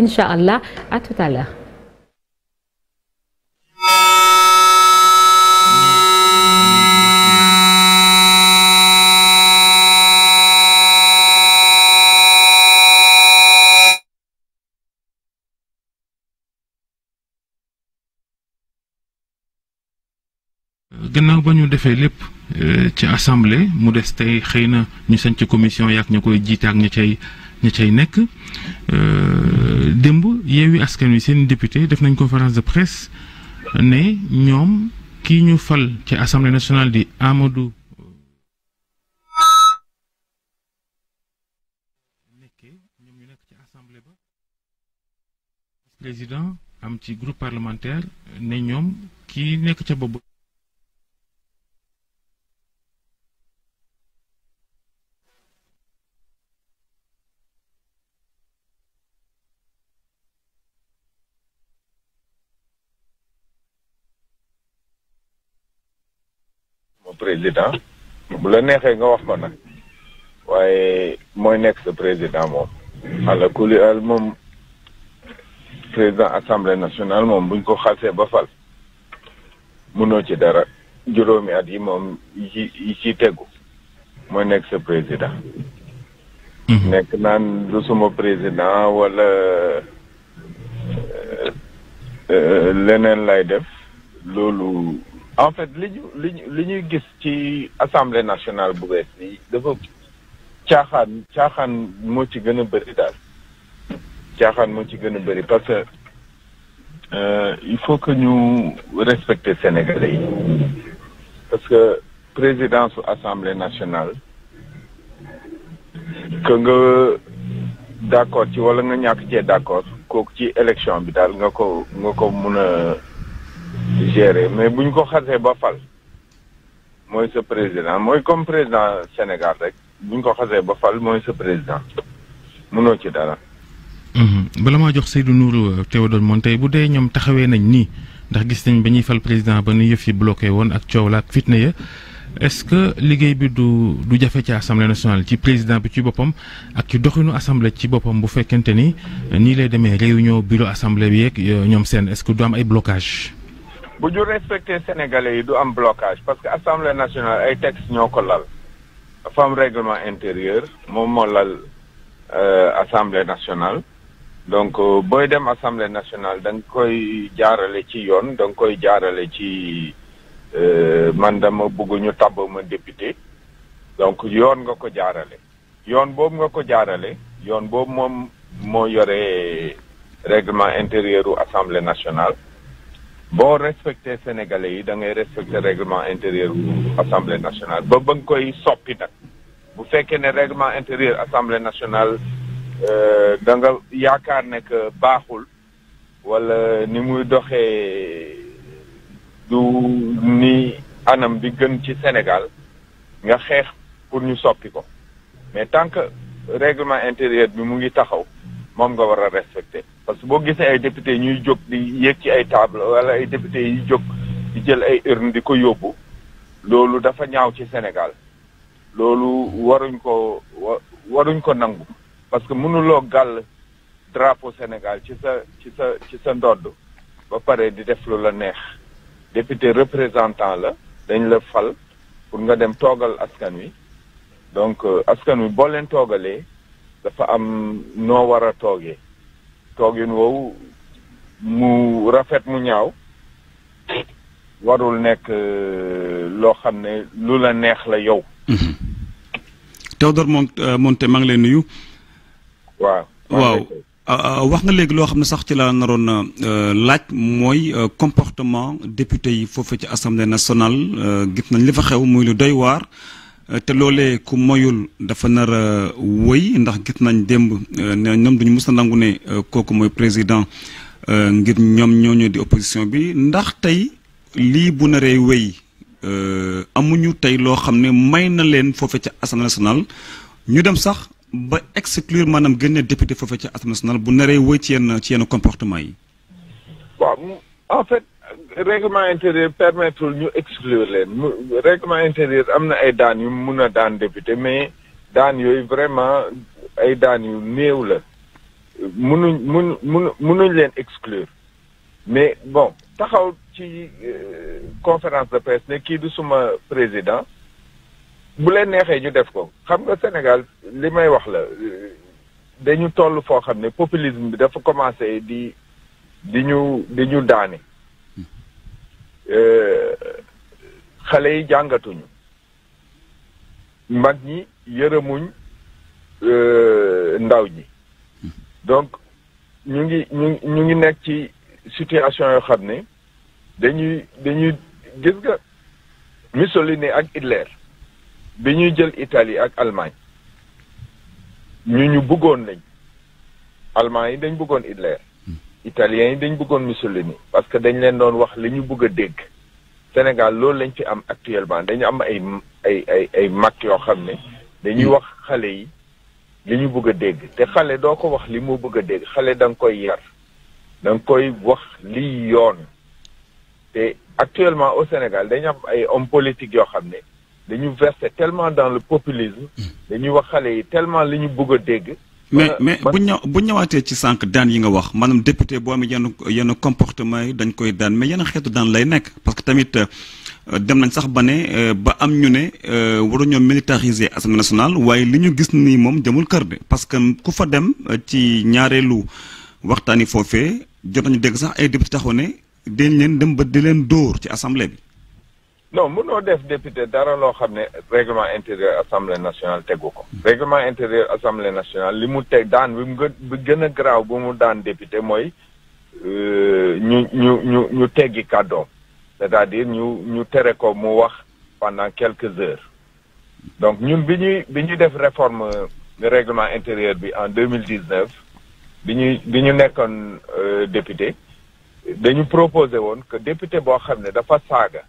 incha allah gannaaw ba ñu defee lépp euh, ci assemblée mu des tey xëy na ñu sañ ci commission yaak ñu koy jiite ak ñu cay ñi cay nekk euh, démb Yewwi Askan Wi seen député def nañ conférence de presse ne ñoom kii ñu fal ci assemblée nationale di Amadou nekkee ñoom ci assemblée ba président am ci groupe parlementaire ne ñoom kii nekk ca bopp président bu la neexee nga wax ko nag waaye mooy nekk sa président moom ala kuli al moom président assemblée nationale moom buñ ko xasee ba fal mënoo ci dara juróomi at yi moom yi ci tegu mooy nekk sa président mhm. nekk naan du suma président wala euh, euh, leneen lay def loolu en fait li ñu li ñu li ñuy gis ci assemblée nationale bu bees bi dafa caaxaan caaxaan moo ci gën a bëri daal caaxaan moo ci gën a bëri parce que euh, il faut que ñu respecter Sénégalais yi parce que présidence su assemblée nationale que nga d'accord ci wala nga ñàkk cee d'accord kooku ci élection bi daal nga ko nga ko mun a gérer mais bu ñu ko xasee ba fal mooy sa président mooy comme président Sénégal rek bu ñu ko xasee ba fal mooy sa président mënoo ci dara. Mhm. bala maa jox Seydou Nourou euh, Théodore Monteil bu dee ñoom taxawee nañ nii ndax gis nañ ba ñuy fal président ba nu yëf yi bloqué woon ak coow la ak fitna ya est-ce que liggéey bi du du jafe ci assemblée nationale ci président bi ci boppam ak ci doxinu assemblée ci boppam bu fekkente ni nii lay demee réunion bureau assemblée bi yeeg euh, ñoom seen est-ce que bu ñu respecté sénégalais yi du am blocage parce que assemblée nationale ay textes ñoo ko lal dafa am intérieur moom moo lal euh, assemblée nationale donc euh, booy dem assemblée nationale da nga koy jaarale ci yoon da nga koy jaarale ci euh, man dama bëgg ñu tabb ma député donc yoon nga ko jaarale yoon boobu nga ko jaarale yoon boobu moom moo yore règlement intérieur u assemblée nationale boo respecté sénégalais yi da ngay respecté règlement intérieur assemblée nationale ba ba nga koy soppi nag bu fekkee ne règlement intérieur assemblée nationale euh, da nga yaakaar ne baaxul wala ni muy doxee du ni anam bi gën ci Sénégal nga xeex pour ñu soppi ko mais tant que règlement intérieur bi mu ngi taxaw moom nga war a respecté parce que boo gisee ay député ñuy jóg di yéeg ci ay table wala ay député yi jóg di jël ay urne di ko yóbbu loolu dafa ñaaw ci Sénégal loolu waruñ ko waruñ ko nangu parce que mënuloo gàll drapo Sénégal ci sa ci sa ci sa ndodd ba pare di def lu la neex député représentant la dañ la fal pour nga dem toogal askan wi donc euh, askan wi boo leen toogalee dafa am noo war a toogee toogin woowu mu rafet mu ñaaw warul nekk euh, loo xam ne lu la neex la yow. Mm-hmm. Théodore euh, Monté maa ngi lay nuyu. waaw waaw ah, ah, wax nga léegi loo xam ne sax ci la naroon euh, laaj mooy comportement député yi foofu ci assemblée nationale gis nañ li fa xew muy lu doy waar. Euh, te loolee ku moyul dafa nar a euh, wëy ndax gis nañ démb euh, ne ñoom duñu mës a nangu ne kooku mooy président ngir ñoom ñooñu di opposition bi ndax tey lii bu naree wéy amuñu tey loo xam ne may na leen foofe ca assemblée nationale ñu dem sax ba exclure maanaam génne député foofe ca assemblée nationale bu naree wéy ci yenn ci yenn comportement yi. règlement intérieur permettre ñu exclure leen règlement intérieur am na ay daan yu mun a daan député mais daan yooyu vraiment ay daan yu néew la munuñ mun mun munuñ leen exclure mais bon taxaw ci euh, conférence de presse ne kii du suma président bu leen neexee ñu def ko xam nga Sénégal li may wax la dañu toll foo xam ne populisme bi dafa commencé di di ñu di ñu daani Euh, xale yi jàngatuñu mag ñi yërëmuñ euh, ndaw ñi donc ñu ngi ñu ngi nekk ci situation yoo xam ne dañuy dañuy gis nga Mussolini ak Hitler bi ñuy jël Italie ak Allemagne ñu ñu bëggoon lañ Allemagne yi dañ bëggoon Hitler italien yi dañ bëggoon Mussolini parce que dañ leen doon wax li ñu bëgg a dégg Sénégal loolu lañ fi am actuellement dañu am ay ay ay ay yoo xam ne dañuy mm. wax xale yi li ñu bëgg a dégg te xale doo ko wax li moo bëgg a dégg xale da nga koy yar da nga koy wax liy yoon te actuellement au Sénégal dañu am ay hommes politiques yoo xam ne dañu verser tellement dans le populisme mm. dañuy wax xale yi tellement li ñu bëgg a dégg mais mais bu ñu bu ñëwaatee ci sànq daan yi nga wax maanaam député boo amee yenn yenn comportement yi dañ koy daan mais yenn xeetu daan lay nekk parce que tamit euh, dem nañ sax ba ne euh, ba am ñu ne euh, waruñoo militariser assemblée nationale waaye li ñu gis nii moom demul kër de parce que ku fa dem ci ñaareelu waxtaani foofee jot nañu dégg sax ay député taxaw ne dañ leen dem ba di leen dóor ci assemblée bi. non noo def député dara loo xam ne règlement intérieur assemblée nationale tegu ko. règlement intérieur assemblée nationale li mu teg daan bi mu bi gën a garaaw bu mu daan député mooy euh, ñu ñu ñu ñu teggi kàddoom c'est-à-dire ñu ñu tere ko mu wax pendant quelques heures donc ñun bi ñuy bi ñuy def réforme règlement intérieur bi en deux mille dix neuf bi ñuy bi ñu nekkoon euh, député dañu proposé woon que député boo xam ne dafa saaga.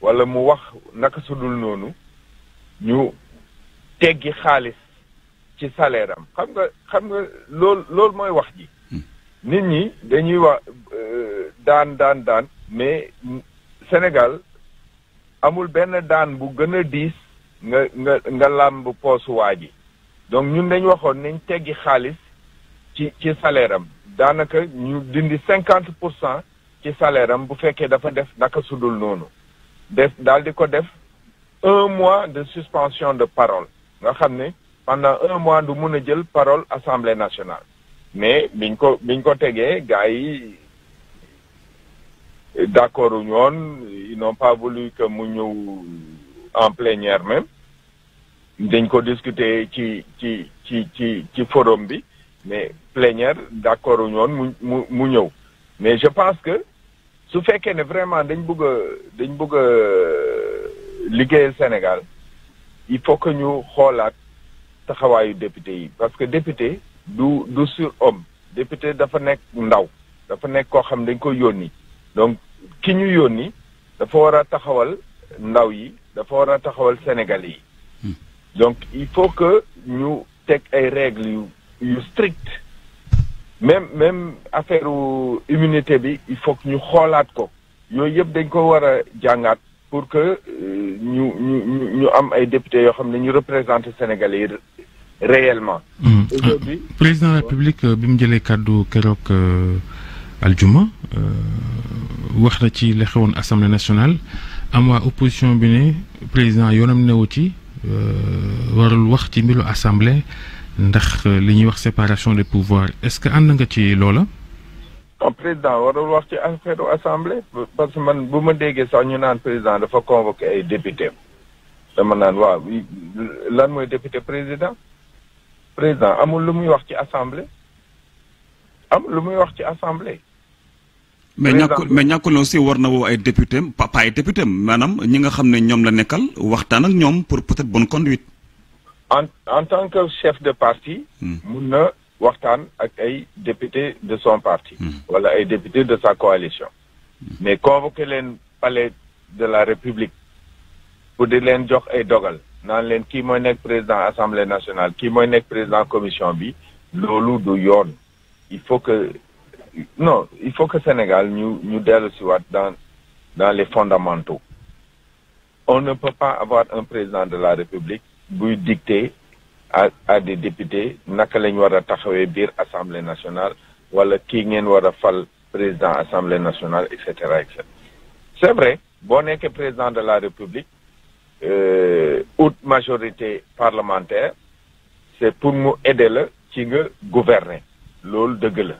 wala mu wax naka sudul noonu ñu teggi xaalis ci salaire xam nga xam nga loolu loolu mooy wax ji hmm. nit ñi dañuy wax euh, daan daan daan mais Sénégal amul benn daan bu gën a diis nga nga nga làmb poosu waa ji donc ñun dañ waxoon nañ teggi xaalis ci ci salaire daanaka ñu dindi cinquante pour cent ci salaire bu fekkee dafa def naka sudul noonu def daal di ko def un mois de suspension de parole nga xam ne pendant un mois du mun a jël parole assemblée nationale mais biñ ko biñ ko tegee gars yi d'accord uñu woon ils n'ont pas voulu que mu ñëw en plénière même dañ ko discuter ci ci ci ci ci forum bi mais plénière d'accord uñu woon mu mu mu ñëw mais je pense que su fekkee ne vraiment dañ bëgg a dañ bëgg a euh, liggéeyal Sénégal il faut que ñu xoolaat taxawaayu député yi parce que député du du sur homme député dafa nekk ndaw dafa nekk koo xam dañ ko yónni donc ki ñu yónni dafa war a taxawal ndaw yi dafa war a taxawal sénégal yi hmm. donc il faut que ñu teg ay règles yu yu même même affaire immunité bi il faut que ñu xoolaat ko yooyu yëpp dañ ko war a jàngaat pour que euh, ñu ñu ñu am ay députés yoo xam ne ñu représenté Sénégalais yi réellement. Mm. Euh, président de République euh, bi mu jëlee kàddu keroog aljuma wax na ci li xewoon assemblée nationale am waa opposition bi ne président yoonam newu ci warul wax ci mbiru assemblée. ndax euh, li ñuy wax séparation des pouvoirs est-ce que ànd nga ci loola. non oh, président warul wax ci affaire assemblée. parce que man bu ma déggee sax ñu naan président dafa convoqué ay député dama naan waaw lan mooy député président président amul lu muy wax ci assemblée amul lu muy wax ci assemblée. mais ñàkkul mais ñàkkul ne aussi war na woo ay député papa ay député maanaam ñi nga xam ne ñoom la nekkal waxtaan ak ñoom pour peut-être bonne conduite. en en tant que chef de parti. Hmm. mun na waxtaan ak ay député de son parti. Hmm. wala ay député de sa coalition. Hmm. mais convoqué leen palais de la république pour de leen jox ay dogal naan leen kii mooy nekk président assemblée nationale kii mooy nekk président commission bi loolu du yoon il faut que non faut que Sénégal ñu ñu dellu dans dans les fondamentaux on ne peut pas avoir un président de la république buy dicter à à des naka lañ war a taxawee biir assemblée nationale wala kii ngeen war a fal président assemblée nationale et cetera et cetera c'est vrai boo nekkee président de la république euh, haute majorité parlementaire c'est pour mu aider la ci nga gouverner loolu dëgg la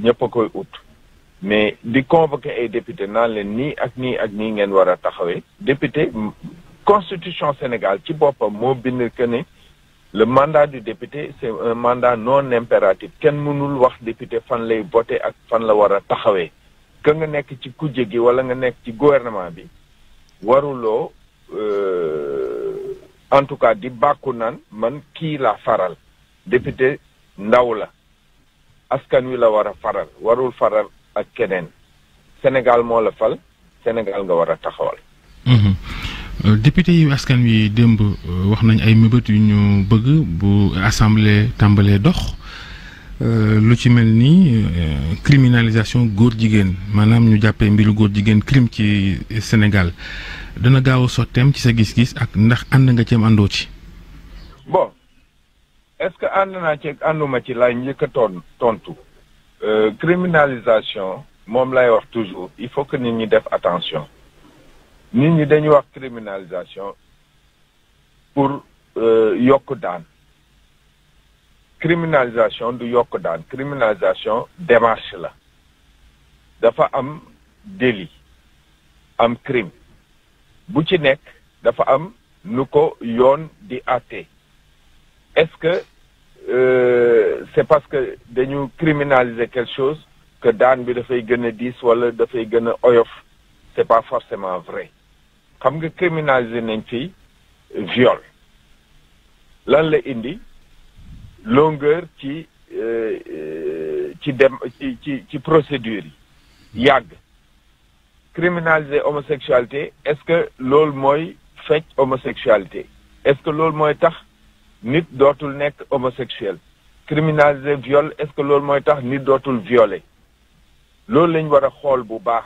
ñëpp a koy ut mais di convoquer ay député naan leen nii ak nii ak nii ngeen war a taxawee député constitution Sénégal ci boppam moo bind que ne le mandat du député c'est un mandat non impératif kenn mënul wax député fan lay voté ak fan la war a taxawee que nga nekk ci kujje gi wala nga nekk ci gouvernement bi waruloo euh, en tout cas di bàkku naan man kii la faral député ndaw la askan wi la war a faral warul faral ak keneen Sénégal moo la fal Sénégal nga war a taxawal mm-hmm. Euh, député yi askan wi démb euh, wax nañ ay mébét yu ñu bëgg bu assemblée tàmbalee dox euh, lu ci mel ni criminalisation góor jigéen maanaam ñu jàppee mbiru góor jigéen crime ci Sénégal dana gaaw a sotteem ci sa gis-gis ak ndax ànd nga ceem àndoo ci. bon ce que ànd ci ànduma ci laay njëkk a ton tontu. criminalisation moom lay wax toujours il faut que nit ñi def attention. nit ñi dañuy wax criminalisation pour euh, yokk daan criminalisation du yokk daan criminalisation démarche la dafa am délit am crime bu ci nekk dafa am nu ko yoon di àtte est-ce que euh, c'est parce que dañu criminaliser quel chose que daan bi dafay gën a diis wala dafay gën a oyof c'est pas forcément vrai xam nga criminaliser nañ fi viol lan la indi longueur ci euh, ci dem ci ci ci procédure yi yàgg criminaliser homosexualité est-ce que loolu mooy fecc homosexualité est-ce que loolu mooy tax nit dootul nekk homosexuel criminaliser viol est-ce que loolu mooy tax nit dootul violer loolu lañ war a xool bu baax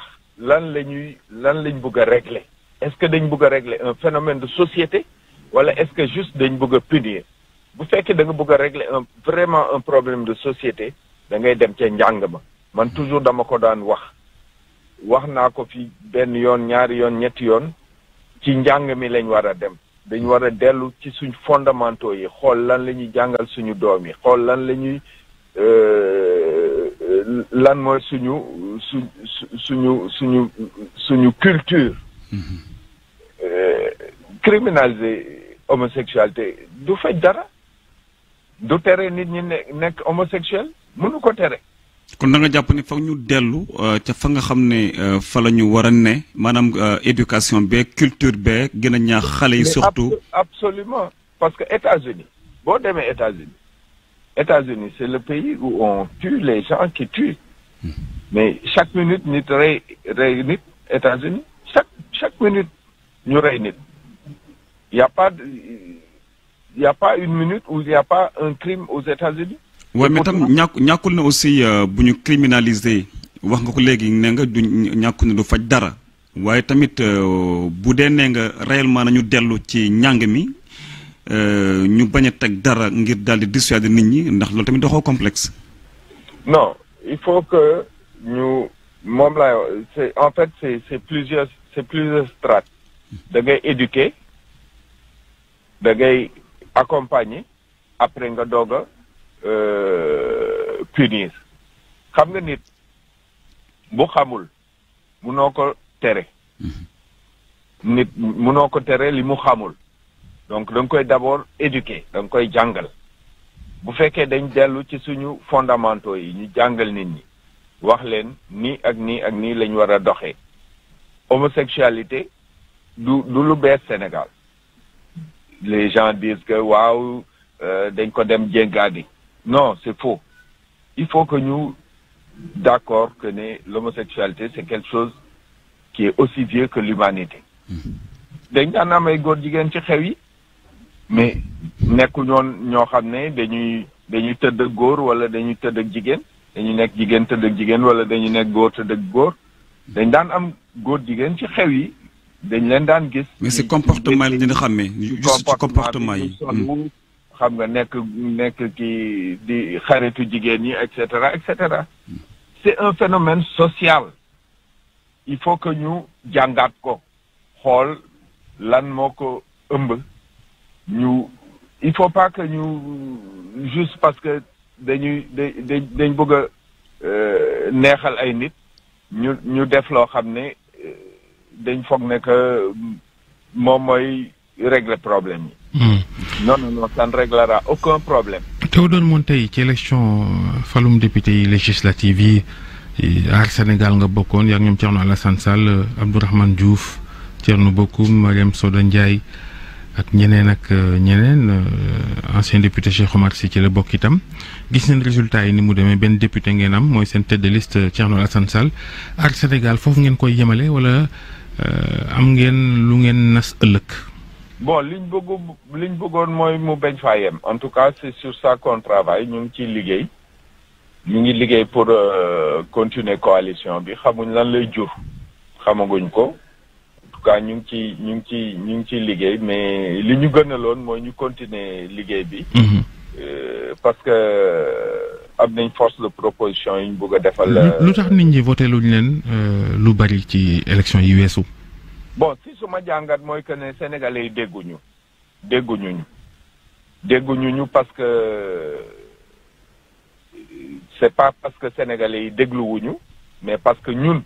lan la ñuy lan lañ bëgg a régler est-ce que dañ bëgg a régler un phénomène de société wala est-ce que juste dañ bëgg a punir bu fekkee da nga bëgg a régler un vraiment un problème de société da ngay dem ca njàng ma man toujours dama ko daan wax wax naa ko fi benn yoon ñaari yoon ñetti yoon ci njàng mi lañ war a dem dañ war a dellu ci suñ fondamentaux yi xool lan la ñuy jàngal suñu doom yi xool lan la ñuy euh, lan mooy suñu suñ suñu suñu suñu culture mm-hmm. criminaliser homosexualité du faj dara du tere nit ñi ne nekk homosexuel mënu ko tere. kon da nga jàpp ni foog ñu dellu euh, ca fa nga xam ne euh, fa la ñu war a ne maanaam euh, éducation beeg culture beeg gën a ñaax xale yi surtout. absolument parce que États-Unis boo demee États-Unis États-Unis c'est le pays où on tue les gens qui tuent hmm. mais chaque minute nit rey rey nit États-Unis chaque chaque minute ñu rey nit. Il n'y a pas il n'y a une minute où il n'y a pas un crime aux États-Unis waaye mais tam ñàkkul na aussi euh, bu ñu criminaliser wax nga ko léegi ne nga du ñàkkul ne du faj dara waaye tamit euh, bu dee nee nga réellement nañu dellu ci njàng mi euh, ñu bañ a teg dara ngir daal di dissuader nit ñi ndax loolu tamit doxoo complexe non il faut que ñu moom lay en fait c'est plusieurs strates da ngay da ngay accompagner après nga doog a euh, punir xam nga nit bu xamul noo ko tere mm-hmm. nit noo ko tere li mu xamul donc da nga koy d'abord éduquer da nga koy jàngal bu fekkee dañ dellu ci suñu fondamentaux yi ñu jàngal nit ñi wax leen nii ak nii ak nii lañ war a doxee homosexualité du du lu bees Sénégal les gens disent que waaw euh, dañ ko dem jéngaani non c'est faux il faut que ñu d'accord que ne l'homosexualité c'est quelque chose qui est aussi vieux que l'humanité dañ daan am ay góor jigéen ci xew yi mais nekku ñoon ñoo xam ne dañuy dañuy tëdd ak góor wala dañuy tëdd ak jigéen dañu nekk jigéen tëdd ak jigéen wala dañuy nekk góor tëdd ak góor dañ daan am góor jigéen ci xew yi dañ leen daan gis. mais si comportement yi dina xàmmee. juste ci comportement yi hmm. xam nga nekk nekk ki di xaritu jigéen ñi et cetera et cetera. c'est un phénomène social. il faut que ñu jàngaat ko. xool lan moo ko ëmb. ñu il faut pas que ñu juste parce que dañuy dañ dañ bëgg a euh, neexal ay nit. ñu ñu def loo xam ne. dañ foog ne que mm, moom mooy régler problème yi. Hmm. non non non ça ne réglera aucun problème. Théodore Monteil ci élection euh, falum député yi législative yi aar Sénégal nga bokkoon yaa ngi ñoom Thierno Alassane Sall euh, Abdourahmane Diouf Thierno Bocoum Mariam Soda Ndiaye ak ñeneen ak euh, ñeneen ancien député Cheikh Omar Sy ci la bokk itam gis nañ résultat yi ni mu demee benn député ngeen am mooy seen tête de liste Thierno Alassane Sall aar Sénégal foofu ngeen koy yemale wala. Euh, am ngeen lu ngeen nas ëllëg. bon liñ bëgg liñ bëggoon mooy mu bañ faa en tout cas c'est sur ça qu'on travaille ñu ngi ciy liggéey ñu ngi liggéey pour euh, continuer coalition bi xamuñ lan lay jur xamaguñ ko en tout cas ñu ngi ci ñu ngi ci ñu ngi ciy liggéey mais li ñu gënaloon mooy ñu continuer liggéey bi. Mhm. Euh, parce que. am nañ force de proposition yi ñu bëgg a defal. Euh, lu tax nit ñi voté luñ leen euh, lu bari ci élection yi weesu. bon si suma jàngat mooy que ne sénégalais yi dégguñu dégguñu ñu dégguñu ñu parce que c'est pas parce que sénégalais yi dégluwuñu mais parce que ñun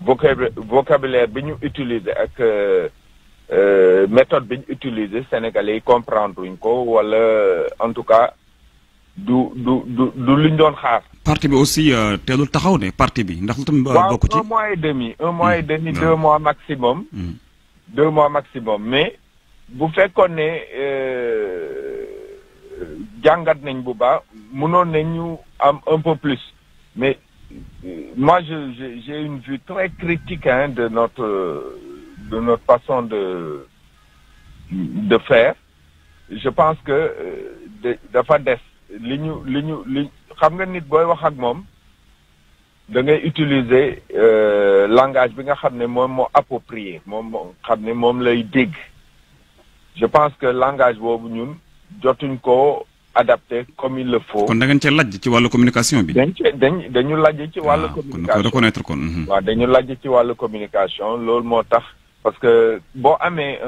vocabulaire bi ñu utiliser ak euh, méthode bi ñu utiliser sénégalais yi comprendre uñ ko wala en tout cas. du du du du luñ doon xaar. parti bi aussi euh, teelul taxaw ne parti bi ndax lu tam euh, bokk ci un mois et demi un mois et mm. demi deux mois maximum. Mm. deux mois maximum mais bu fekkoon ne euh, jàngat nañ bu baax mënoon nañu am un peu plus mais moi j'ai une vue très critique hein de notre de notre façon de de faire je pense que dafa des li ñu li ñu li xam nga nit booy wax ak moom dangay ngay utiliser euh, langage bi nga xam ne moom moo approprié moom moo xam ne moom lay dégg je pense que langage boobu ñun jotuñ ko adapté comme il le faut. kon da ngeen ci lajj ci wàllu communication bi. dañ ci dañ dañu lajj ci wàllu. Ah, communication kon reconnaître kon. Mhm. waaw dañu lajj ci wàllu communication loolu moo tax. parce que boo amee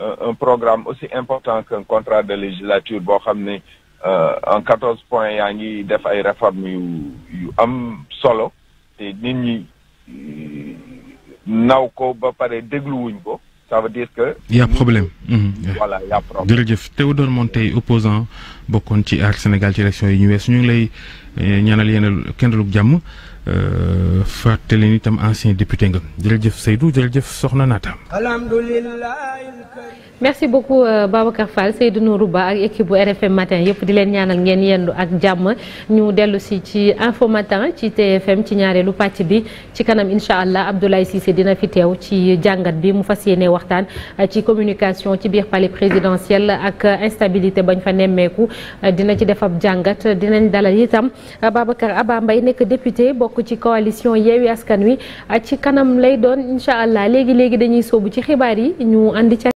un programme aussi important qu'un contrat de législature boo xam ne. Euh, en quatorze points yaa ngi def ay réformes yu am solo te nit ñi euh, naw ko ba pare dégluwuñ ko ça veut dire que. y' a problème. Mhm. voilà y' a te jërëjëf Théodore Monteil opposant bokkoon ci Aar Sénégal ci élection yi ñu weesu ñu ngi lay euh, ñaanal yéen kenn du jàmm. Euh, fàttali ni itam ancien député nga jërëjëf Seydou jërëjëf Soxna Naata. merci beaucoup euh, Babacar Fall Seydou Nourou Ba ak équipe bu RFM matin yëpp di leen ñaanal ngeen yendu ak jàmm ñu dellu si ci info matin ci TFM ci ñaareelu pàcc bi ci kanam incha allah Abdoulaye Cissé dina fi teew ci jàngat bi mu fas yéene waxtaan euh, ci communication ci biir palais présidentiel ak instabilité bañ fa nemmeeku dina ci defab jàngat dinañ dalal itam Babacar bokk ci coalition Yewwi Askan Wi ci kanam lay doon incha allah léegi léegi dañuy soobu ci xibaar yi ñu andi ca